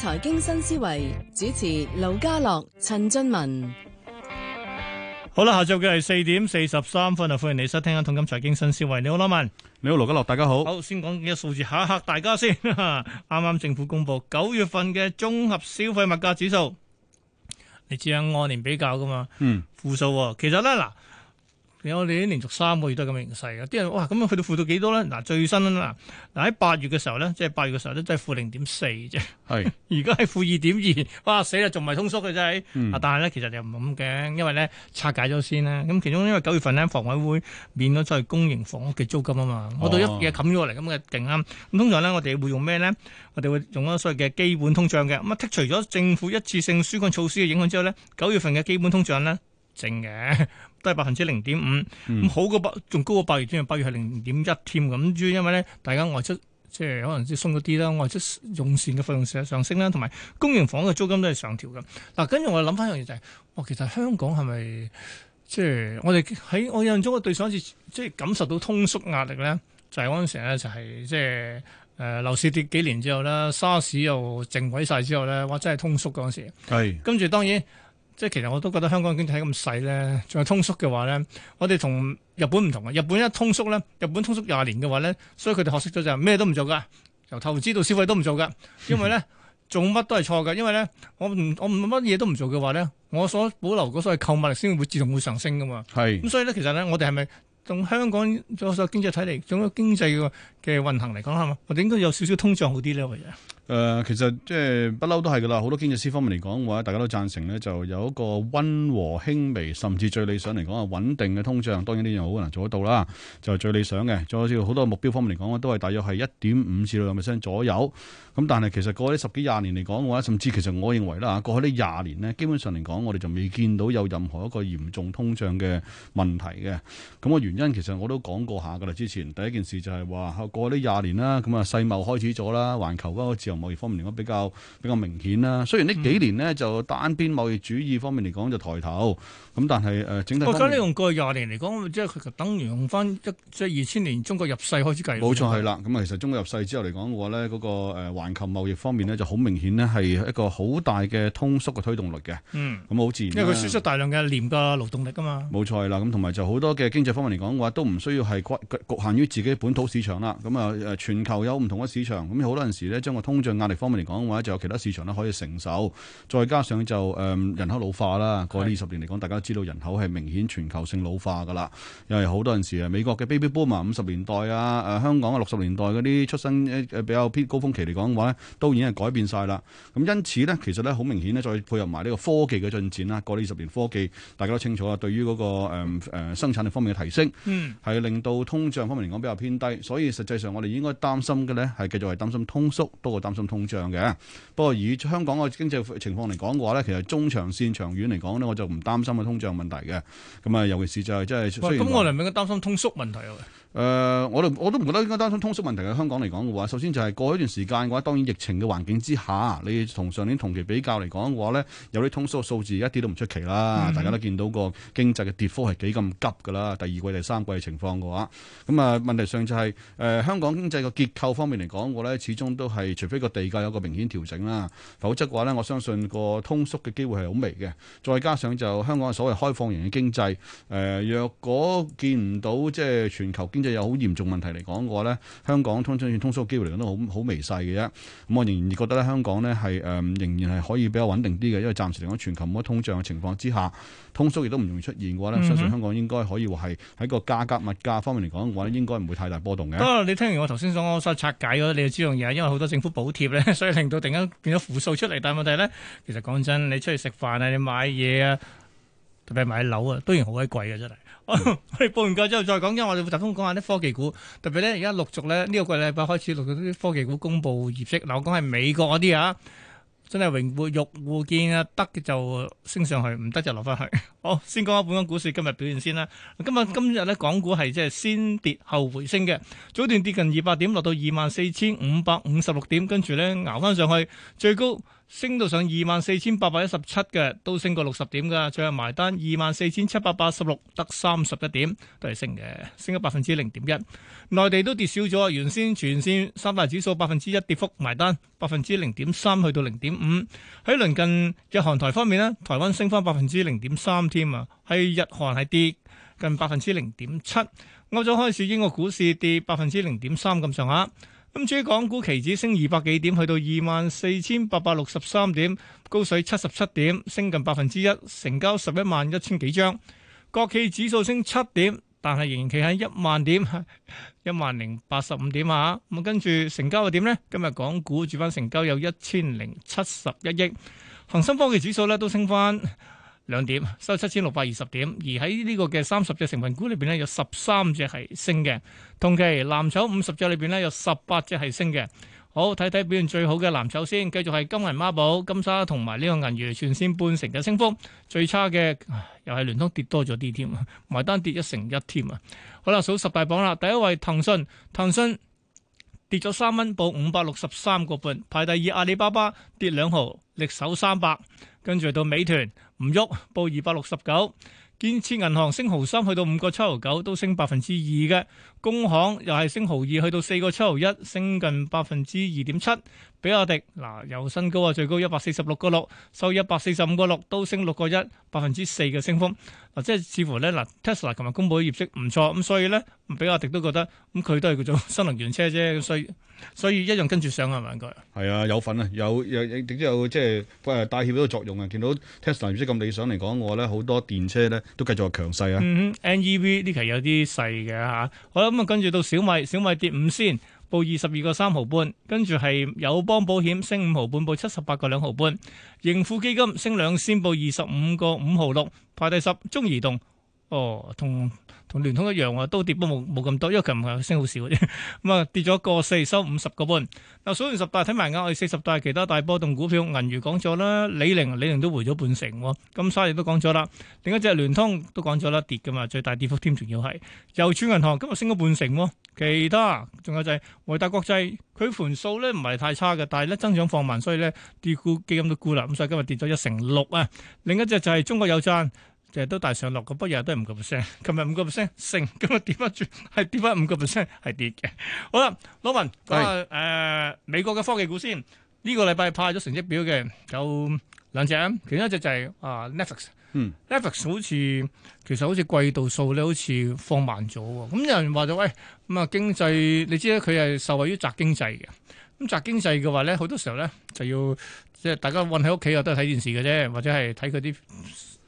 財經新思維主持盧家樂、陳俊文，好啦，下晝嘅係四點四十三分啊，歡迎你收聽《通金財經新思維》。你好，羅文，你好，盧家樂，大家好。好，先講幾個數字嚇一嚇大家先，啱啱政府公布九月份嘅綜合消費物價指數，嗯，你知係按年比較噶嘛？嗯，負數。其實咧嗱。有我哋啲連續三個月都係咁嘅形勢嘅。啲人哇，咁啊去到負到幾多咧？嗱，最新啦，嗱喺八月嘅時候咧，即係八月嘅時候咧真係負零點四啫。係、就是，而家係負二點二，2. 2, 哇死啦，仲唔係通縮嘅啫？啊、嗯，但係咧其實又唔係咁嘅，因為咧拆解咗先啦。咁其中因為九月份咧房委會免咗所有公營房屋嘅租金啊嘛，我到一嘢冚咗嚟咁嘅勁啱。咁、哦、通常咧我哋會用咩咧？我哋會用咗所謂嘅基本通脹嘅。咁剔除咗政府一次性紓困措施嘅影響之後咧，九月份嘅基本通脹咧。淨嘅都係百分之零點五，咁好過八月，仲高過八月添，八月係零點一添咁。主要因為咧，大家外出即係可能即係鬆咗啲啦，外出用膳嘅費用上上升啦，同埋公營房嘅租金都係上調咁。嗱，跟住我諗翻一樣嘢就係、是，哇，其實香港係咪即係我哋喺我印象中嘅對上一次即係感受到通縮壓力咧，就係嗰陣時咧就係即係誒樓市跌幾年之後啦，沙士又靜鬼晒之後咧，哇！真係通縮嗰陣時。跟住當然。即係其實我都覺得香港經濟咁細咧，仲有通縮嘅話咧，我哋同日本唔同嘅。日本一通縮咧，日本通縮廿年嘅話咧，所以佢哋學識咗就係咩都唔做㗎，由投資到消費都唔做㗎，因為咧做乜都係錯㗎。因為咧我我乜嘢都唔做嘅話咧，我所保留嗰所謂的購物力先會自動會上升㗎嘛。係。咁所以咧，其實咧，我哋係咪從香港嗰個經濟體嚟，總經濟嘅嘅運行嚟講係嘛？我哋應該有少少通脹好啲咧，我覺得。誒、呃，其實即係不嬲都係㗎啦，好多經濟師方面嚟講嘅話，大家都贊成呢，就有一個溫和輕微，甚至最理想嚟講啊穩定嘅通脹，當然呢樣好難做得到啦，就係、是、最理想嘅。再有好多目標方面嚟講，都係大約係一點五至兩 percent 左右。咁但係其實過去十幾廿年嚟講嘅話，甚至其實我認為啦過去呢廿年呢，基本上嚟講，我哋就未見到有任何一個嚴重通脹嘅問題嘅。咁、那個原因其實我都講過下㗎啦，之前第一件事就係話過去呢廿年啦，咁啊世貿開始咗啦，環球嗰貿易方面嚟講比較比較明顯啦。雖然呢幾年呢，就單邊貿易主義方面嚟講就抬頭，咁、嗯、但係誒整體……我而家你用過廿年嚟講，即係佢等於用翻一即係二千年中國入世開始計。冇錯係啦。咁其實中國入世之後嚟講嘅話呢，嗰個誒環球貿易方面呢，就好明顯呢，係一個好大嘅通縮嘅推動力嘅。嗯。咁好自然。因為佢輸出大量嘅廉價勞動力啊嘛。冇錯啦。咁同埋就好多嘅經濟方面嚟講嘅話，都唔需要係局限於自己本土市場啦。咁啊誒，全球有唔同嘅市場，咁好多陣時呢，將個通通脹壓力方面嚟講嘅話，就有其他市場咧可以承受，再加上就誒、嗯、人口老化啦。過呢二十年嚟講，大家都知道人口係明顯全球性老化噶啦。因為好多陣時啊，美國嘅 Baby Boomer 五十年代啊，誒香港啊六十年代嗰啲出生誒比較偏高峰期嚟講嘅話咧，都已經係改變晒啦。咁因此咧，其實咧好明顯咧，再配合埋呢個科技嘅進展啦，過呢二十年科技大家都清楚啊，對於嗰、那個誒、嗯呃、生產力方面嘅提升，嗯，係令到通脹方面嚟講比較偏低。所以實際上我哋應該擔心嘅咧，係繼續係擔心通縮多過擔擔心通脹嘅，不過以香港嘅經濟情況嚟講嘅話咧，其實中長線、長遠嚟講咧，我就唔擔心嘅通脹問題嘅。咁啊，尤其是就係即係，喂，咁我哋唔應該擔心通縮問題啊。誒、呃，我都我都唔覺得應該擔心通縮問題喺香港嚟講嘅話，首先就係過一段時間嘅話，當然疫情嘅環境之下，你同上年同期比較嚟講嘅話咧，有啲通縮嘅數字一啲都唔出奇啦、嗯。大家都見到個經濟嘅跌幅係幾咁急㗎啦。第二季、第三季嘅情況嘅話，咁啊問題上就係、是、誒、呃、香港經濟嘅結構方面嚟講嘅話咧始終都係除非個地價有個明顯調整啦，否則嘅話咧，我相信個通縮嘅機會係好微嘅。再加上就香港嘅所謂開放型嘅經濟、呃，若果見唔到即係全球經即有好嚴重的問題嚟講嘅話咧，香港通通通縮機會嚟講都好好微細嘅啫。咁我仍然覺得咧，香港呢係誒仍然係可以比較穩定啲嘅，因為暫時嚟講全球冇乜通脹嘅情況之下，通縮亦都唔容易出現嘅話呢，相信香港應該可以話係喺個價格物價方面嚟講嘅話咧，應該唔會太大波動嘅。不過、嗯、哦，你聽完我頭先所講所拆解嗰啲，你就知道嘢，因為好多政府補貼咧，所以令到突然間變咗負數出嚟。但係問題咧，其實講真，你出去食飯啊，你買嘢啊。特別買樓啊，當然好鬼貴啊。真係。我 哋報完價之後再講，因為我哋特登講下啲科技股，特別咧而家陸續咧呢、呢個季禮拜開始陸續啲科技股公布業績。嗱，我講係美國嗰啲啊，真係榮枯玉互見啊，得嘅就升上去，唔得就落翻去。 好，先講下本港股市今日表現先啦。今日今日咧港股係即係先跌後回升嘅，早段跌近二百點，落到二萬四千五百五十六點，跟住咧熬翻上去，最高。升到上二萬四千八百一十七嘅，都升過六十點噶，最後埋單二萬四千七百八十六，得三十一點，都係升嘅，升咗百分之零點一。內地都跌少咗，原先全線三大指數百分之一跌幅埋單，百分之零點三去到零點五。喺鄰近日韓台方面呢，台灣升翻百分之零點三添啊，喺日韓係跌近百分之零點七，歐洲開市英國股市跌百分之零點三咁上下。咁至於港股期指升二百幾點，去到二萬四千八百六十三點，高水七十七點，升近百分之一，成交十一萬一千幾張。國企指數升七點，但係仍然企喺一萬點，一萬零八十五點啊。咁跟住成交又點呢？今日港股主板成交有一千零七十一億，恒生科技指數咧都升翻。兩點收七千六百二十點，而喺呢個嘅三十隻成分股裏邊咧，有十三隻係升嘅。同期藍籌五十隻裏邊咧，有十八隻係升嘅。好，睇睇表現最好嘅藍籌先，繼續係金銀孖寶、金沙同埋呢個銀娛全線半成嘅升幅。最差嘅又係聯通跌多咗啲添啊，埋單跌一成一添啊。好啦，數十大榜啦，第一位騰訊，騰訊跌咗三蚊，報五百六十三個半。排第二阿里巴巴跌兩毫，力守三百。跟住到美團。唔喐，報二百六十九。建設銀行升毫三，去到五個七毫九，都升百分之二嘅。工行又係升毫二，去到四個七毫一，升近百分之二點七。比亞迪嗱又新高啊，最高一百四十六個六，收一百四十五個六，都升六個一，百分之四嘅升幅。嗱，即係似乎咧，嗱，Tesla 琴日公布嘅業績唔錯，咁所以咧，比亞迪都覺得咁佢都係嗰種新能源車啫，咁所以所以一樣跟住上係咪應該？係啊，有份啊，有有亦都有，有即係誒帶起呢個作用啊！見到 Tesla 業績咁理想嚟講，我咧好多電車咧都繼續強勢啊，嗯、！NEV 呢期有啲細嘅吓，好啦，咁、嗯、啊跟住到小米，小米跌五先。報二十二個三毫半，跟住係友邦保險升五毫半，報七十八個兩毫半，盈富基金升兩仙，報二十五個五毫六，排第十，中移動。哦，同同聯通一樣喎，都跌咯，冇冇咁多，因為琴日升好少啫。咁啊，跌咗個四收五十個半。嗱，數完十大睇埋額外四十大其他大波動股票，銀娛講咗啦，李寧李寧都回咗半成喎。咁沙亦都講咗啦，另一隻聯通都講咗啦，跌㗎嘛，最大跌幅添，仲要係郵儲銀行今日升咗半成喎。其他仲有就係維達國際，佢盤數咧唔係太差嘅，但係咧增長放慢，所以咧啲沽基金都沽啦。咁所以今日跌咗一成六啊。另一隻就係中國有贊。成日都大上落，個不日都係五個 percent。琴日五個 percent 升，今日跌翻轉，係跌翻五個 percent，係跌嘅。好啦，老文講下、那個呃、美國嘅科技股先。呢、這個禮拜派咗成績表嘅有兩隻，其中一隻就係、是、啊 Netflix。嗯、Netflix 好似其實好似季度數咧，好似放慢咗喎。咁有人話咗喂，咁、哎、啊經濟你知咧，佢係受惠於宅經濟嘅。咁宅經濟嘅話咧，好多時候咧就要即係大家韞喺屋企又都睇電視嘅啫，或者係睇佢啲。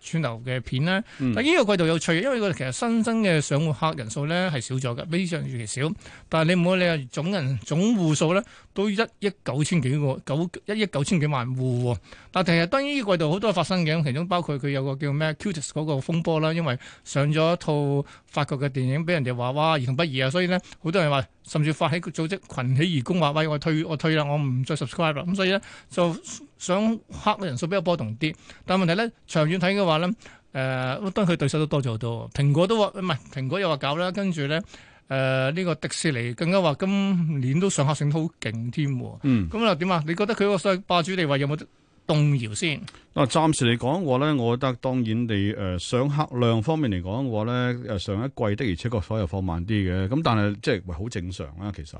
串流嘅片呢，但呢個季度有趣，因為佢其實新增嘅上戶客人數呢係少咗㗎，非常尤其少。但係你唔好理啊，總人總戶數呢。都一億九千幾個九一億九千幾萬戶喎，但係其實當然呢個季度好多發生嘅，其中包括佢有個叫咩 Cuties 嗰個風波啦，因為上咗一套法國嘅電影，俾人哋話哇兒童不宜啊，所以呢，好多人話甚至發起組織群起而攻，話喂，我退我退啦，我唔再 subscribe 啦，咁所以呢，就想黑嘅人數比較波動啲，但係問題呢，長遠睇嘅話呢，誒、呃、當佢對手都多咗好多，蘋果都話唔係蘋果又話搞啦，跟住呢。誒、呃、呢、這個迪士尼更加話今年都上客性都好勁添，咁、嗯、又點啊？你覺得佢個所謂霸主地位有冇動搖先？嗱，暫時嚟講嘅話咧，我覺得當然你誒上客量方面嚟講嘅話咧，誒上一季的而且確可能放慢啲嘅，咁但係即係好正常啦，其實，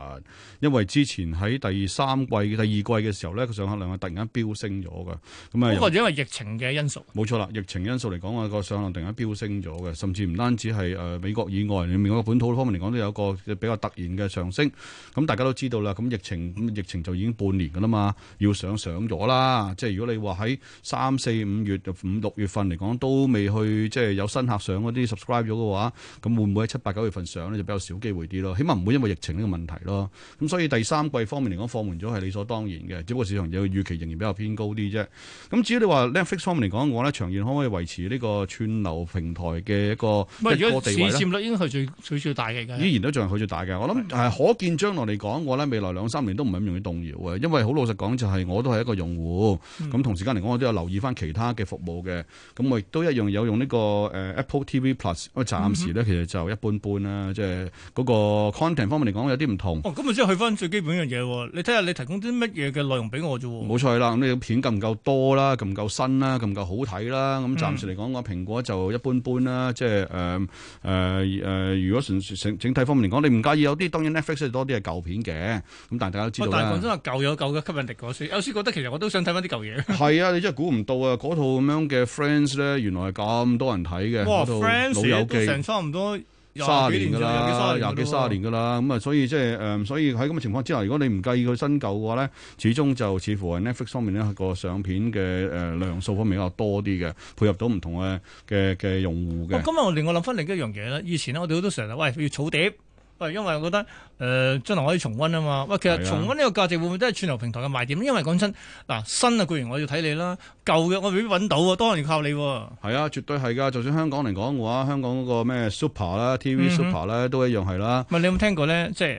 因為之前喺第三季、第二季嘅時候咧，個上客量係突然間飆升咗嘅，咁啊，嗰個因為疫情嘅因素，冇錯啦，疫情因素嚟講啊，個上客量突然間飆升咗嘅，甚至唔單止係誒美國以外裏面個本土方面嚟講都有一個比較突然嘅上升，咁大家都知道啦，咁疫情咁疫情就已經半年噶啦嘛，要上上咗啦，即係如果你話喺三四五月、五六月份嚟講，都未去即係有新客上嗰啲 subscribe 咗嘅話，咁會唔會喺七八九月份上咧就比較少機會啲咯？起碼唔會因為疫情呢個問題咯。咁所以第三季方面嚟講，放緩咗係理所當然嘅，只不過市場有預期仍然比較偏高啲啫。咁至於你話 Netflix 方面嚟講我呢咧，長遠可唔可以維持呢個串流平台嘅一個一個地位呢？市佔率應該係最最最大嘅。依然都仲係佢最大嘅。我諗係可見將來嚟講，我呢未來兩三年都唔係咁容易動搖嘅，因為好老實講就係、是、我都係一個用戶。咁同時間嚟講，我都有留以翻其他嘅服務嘅，咁我亦都一樣有用呢、呢個誒、呃、Apple TV Plus，因為暫時咧其實就一般般啦，即係嗰個 content 方面嚟講有啲唔同。哦，咁咪即係去翻最基本一樣嘢，你睇下你提供啲乜嘢嘅內容俾我啫。冇錯啦，你片夠唔夠多啦，夠唔夠新啦，夠唔夠好睇啦？咁暫時嚟講，嗯、我蘋果就一般般啦，即係誒誒誒，如果全整，整，整體方面嚟講，你唔介意有啲當然 Netflix 多啲係舊片嘅，咁但係大家都知道啦。但係本身話舊有舊嘅吸引力嗰時，有時覺得其實我都想睇翻啲舊嘢。係 啊，你真係估唔～到啊！嗰套咁樣嘅 Friends 咧，原來係咁多人睇嘅。哇、哦！Friends 老友記，成差唔多卅年噶啦，廿幾卅年噶啦。咁啊，所以即係誒，所以喺咁嘅情況之下，如果你唔介意佢新舊嘅話咧，始終就似乎係 Netflix 方面呢、那個相片嘅誒、呃、量數方面比較多啲嘅，配合到唔同嘅嘅嘅用戶嘅。今日我令我諗翻另一樣嘢咧，以前咧我哋都成日喂要草碟，喂，因為我覺得誒將來可以重温啊嘛。喂，其實重温呢個價值、啊、會唔會都係串流平台嘅賣點？因為講真，嗱、啊、新啊固然我要睇你啦。舊嘅我未必揾到喎，當然靠你喎、啊。係啊，絕對係噶。就算香港嚟講嘅話，香港嗰個咩 Super 啦、TV Super 啦，嗯嗯，都一樣係啦。唔係你有冇聽過咧？即、就、係、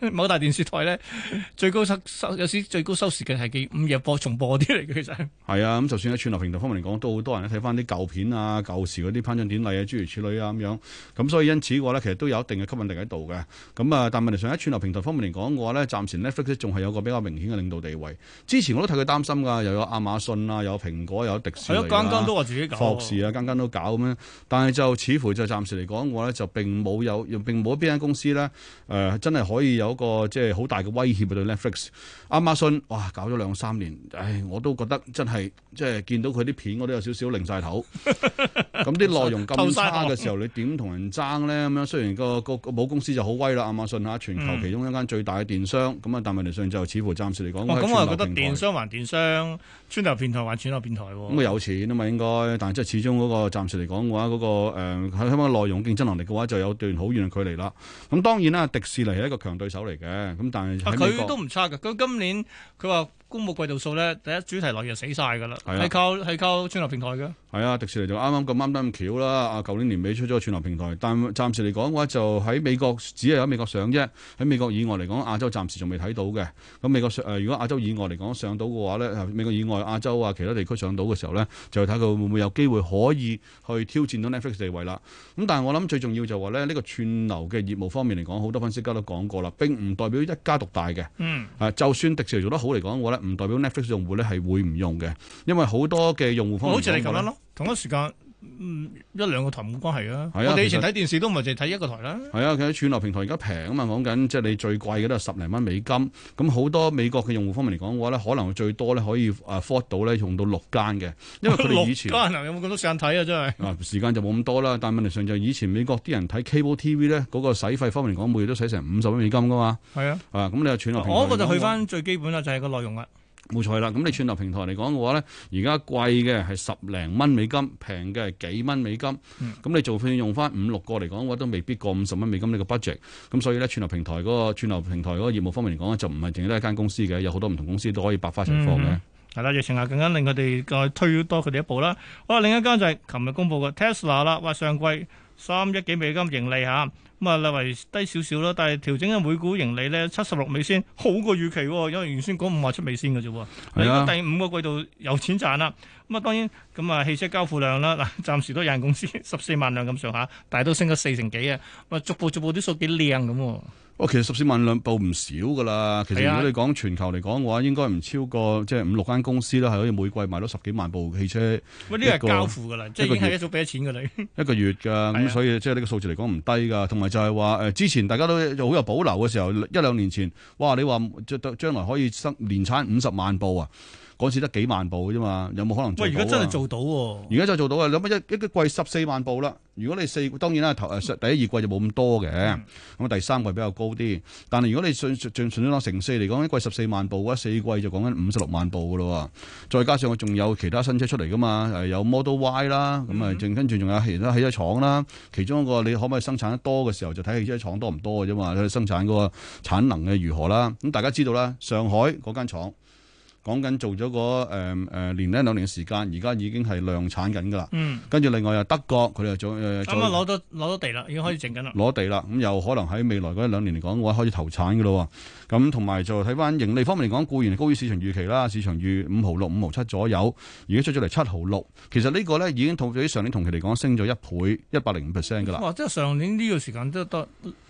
是、某大電視台咧， 最高收收有時最高收視嘅係幾五日播重播啲嚟嘅，其實係啊。咁就算喺串流平台方面嚟講，都好多人睇翻啲舊片啊、舊時嗰啲頒獎典禮啊、諸如此類啊咁樣。咁所以因此嘅話咧，其實都有一定嘅吸引力喺度嘅。咁啊，但問題上喺串流平台方面嚟講嘅話咧，暫時 Netflix 仲係有個比較明顯嘅領導地位。之前我都睇佢擔心㗎，又有，有亞馬遜啊，有蘋果有迪士尼啊，間間都話自己搞，博士啊，間間都搞咁樣。但係就似乎就暫時嚟講，我咧就並冇有，並冇邊間公司咧，誒、呃，真係可以有一個即係好大嘅威脅畀對 Netflix、Amazon。哇，搞咗兩三年，唉，我都覺得真係，即係見到佢啲片，我都有少少擰晒頭。 咁啲內容咁差嘅時候，你點同人爭咧？咁樣雖然個個，個母公司就好威啦，亞馬遜啊，全球其中一間最大嘅電商。咁、嗯、啊，但問題上就似乎暫時嚟講，哇！咁、哦、啊，樣我覺得電商還電商，串流平台還串流平台。咁、那、佢、個、有錢啊嘛，應該。但係即係始終嗰、那個暫時嚟講嘅話，嗰、那個喺香港內容競爭能力嘅話，就有段好遠嘅距離啦。咁當然啦，迪士尼係一個強對手嚟嘅。咁但係佢、啊、都唔差㗎。佢今年佢話。公佈季度數咧，第一主題內容就死晒噶啦，係、啊、靠係靠串流平台嘅。係啊，迪士尼就啱啱咁啱得咁巧啦。啊，舊年年尾出咗串流平台，但暫時嚟講嘅話，就喺美國只係喺美國上啫。喺美國以外嚟講，亞洲暫時仲未睇到嘅。咁美國誒、呃，如果亞洲以外嚟講上到嘅話咧，美國以外亞洲啊，其他地區上到嘅時候咧，就睇佢會唔會有機會可以去挑戰到 Netflix 地位啦。咁但係我諗最重要就話咧，呢、這個串流嘅業務方面嚟講，好多分析家都講過啦，並唔代表一家獨大嘅。嗯。誒、啊，就算迪士尼做得好嚟講嘅話咧。唔代表 Netflix 用戶咧係會唔用嘅，因為好多嘅用戶方式好似你咁樣咯，同一時間嗯，一兩個台冇關係啊！係啊，我哋以前睇電視都唔係淨係睇一個台啦。係啊，佢喺串流平台而家平啊嘛，講緊即係你最貴嘅都係十零蚊美金。咁好多美國嘅用戶方面嚟講嘅話咧，可能最多咧可以啊到咧用到六間嘅，因為佢以前六間有冇咁多時間睇啊？真係啊，時間就冇咁多啦。但問題上就以前美國啲人睇 Cable TV 咧，嗰、那個使費方面嚟講，每日都使成五十蚊美金噶嘛。係啊，啊咁你又串流？我嗰個就去翻最基本啦就係、是、個內容啦、啊。冇錯啦，咁你串流平台嚟講嘅話咧，而家貴嘅係十零蚊美金，平嘅係幾蚊美金。咁、嗯、你做法用返五、六個嚟講，我都未必過五十蚊美金呢個 budget。咁所以咧，串流平台嗰個串流平台嗰個業務方面嚟講咧，就唔係淨係得一間公司嘅，有好多唔同公司都可以百花齊放嘅。係、嗯、啦，疫情又更加令佢哋再推多佢哋一步啦。好，另一間就係琴日公布嘅 Tesla 啦，話上季，三億幾美金盈利吓，啊，咁啊略為低少少啦，但係調整嘅每股盈利咧，七十六美仙，好過預期，啊，因為原先講五十七美仙嘅啫，係、啊、第五個季度有錢賺啦。咁啊，當然咁啊，汽車交付量啦，啊，嗱，暫時都有限公司十四萬輛咁上下，但係都升咗四成幾啊，逐步逐步啲數幾靚咁。其實十四萬兩部唔少噶啦，其實如果你講全球嚟講嘅話，應該唔超過即係五六間公司啦，係可以每季賣到十幾萬部汽車。呢個係交付噶啦，即係已經係一早俾錢噶啦。一個月噶，咁 所以即係呢個數字嚟講唔低噶。同埋就係話誒，之前大家都好有保留嘅時候，一兩年前，哇！你話將將來可以生年產五十萬部啊！嗰次得幾萬部啫嘛，有冇可能？喂，而家真係做到喎！而家真係做到啊！兩乜一一個季十四萬部啦。如果你四當然啦，頭誒第一二季就冇咁多嘅，咁、嗯、啊第三季比較高啲。但係如果你算算算算到成四嚟講，一季十四萬部，四季就講緊五十六萬部噶咯。再加上我仲有其他新車出嚟噶嘛，有 Model Y 啦，咁、嗯、啊，跟跟住仲有其他汽車廠啦。其中一個你可唔可以生產得多嘅時候，就睇汽車廠多唔多嘅啫嘛。佢生產嗰個產能嘅如何啦？咁大家知道啦，上海嗰間廠。講緊做咗、那個誒誒年一兩年嘅時間，而家已經係量產緊噶啦。嗯，跟、呃、住、嗯、另外又德國，佢又做誒。咁啊，攞到攞到地啦，已經開始剩緊啦。攞地啦，咁又可能喺未來嗰一兩年嚟講，我開始投產噶咯。咁同埋就睇返盈利方面嚟講，固然高於市場預期啦，市場預五毫六、五毫七左右，而家出咗嚟七毫六。其實呢個咧已經同比起上年同期嚟講，升咗一倍，一百零五 percent 噶啦。哇！即係上年呢個時間都得。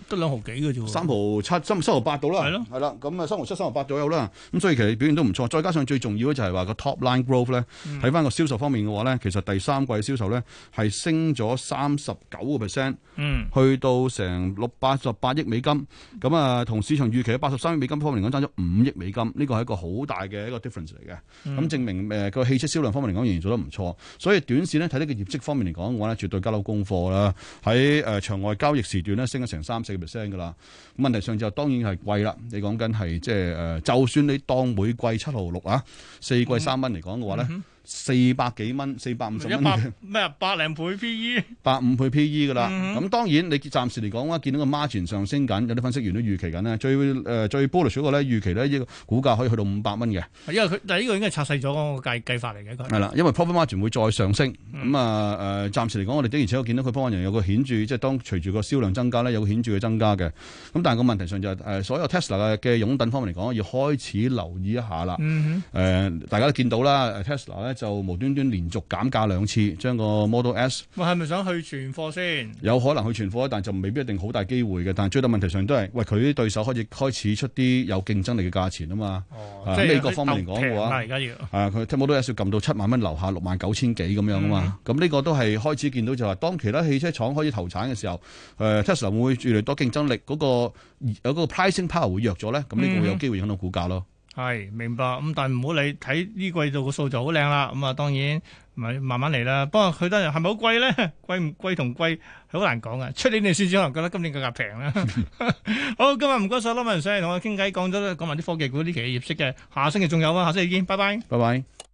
得兩毫幾嘅啫喎，三毫七、三毫八三毫八到啦，係咯，係啦，咁啊三毫七、三毫八左右啦，咁所以其實表現都唔錯，再加上最重要嘅就係話個 top line growth 咧、嗯，睇翻個銷售方面嘅話咧，其實第三季銷售咧係升咗三十九個 percent，嗯，去到成六八十八億美金，咁啊同市場預期嘅八十三億美金方面嚟講爭咗五億美金，呢、這個係一個好大嘅一個 difference 嚟嘅，咁、嗯、證明誒個、呃、汽車銷量方面嚟講仍然做得唔錯，所以短線咧睇呢個業績方面嚟講嘅話咧，絕對交到功課啦，喺誒、呃、場外交易時段咧升咗成三四 percent 噶啦，咁問題上就當然係貴啦。你講緊係即係誒，就算你當每季七毫六啊，四季三蚊嚟講嘅話咧。嗯嗯。四百幾蚊，四百五十蚊，一百咩？百零倍 P E，百五倍 P E 噶啦。咁、嗯、當然你暫時嚟講咧，見到個 margin 上升緊，有啲分析員都預期緊咧。最誒、呃、最 bullish 少少咧，預期咧呢個股價可以去到五百蚊嘅。因為佢但係呢個應該係拆細咗個計計法嚟嘅，係啦。因為 profit margin 會再上升。咁啊誒，暫時嚟講，我哋的而且確見到佢 profit 有個顯著，即、就、係、是、當隨住個銷量增加咧，有個顯著嘅增加嘅。咁但係個問題上就係、是、誒、呃，所有 Tesla 嘅嘅擁躉方面嚟講，要開始留意一下啦。誒、嗯呃，大家都見到啦，Tesla 咧。就無端端連續減價兩次，將個 Model S 喂係咪想去存貨先？有可能去存貨，但就未必一定好大機會嘅。但最大問題上都係，喂佢啲對手開始開始出啲有競爭力嘅價錢啊嘛。哦，啊、即係美國方面嚟講嘅話，係而家要啊，佢 Model S 要撳到七萬蚊樓下六萬九千幾咁樣、嗯、啊嘛。咁、這、呢個都係開始見到就話，當其他汽車廠開始投產嘅時候、啊，Tesla 會，會越嚟越多競爭力，嗰、那個有、那個 pricing power 會弱咗咧。咁呢個會有機會影響到股價咯。嗯係明白咁，但係唔好理睇呢季度嘅數就好靚啦。咁啊，當然咪慢慢嚟啦。不過佢得係咪好貴咧？貴唔貴同貴好難講噶。出年先至可能覺得今年更加平啦。 好，今日唔該晒俊文上嚟同我傾偈，講咗講埋啲科技股啲企業業績嘅，下星期仲有啊，下星期見，拜拜，拜拜。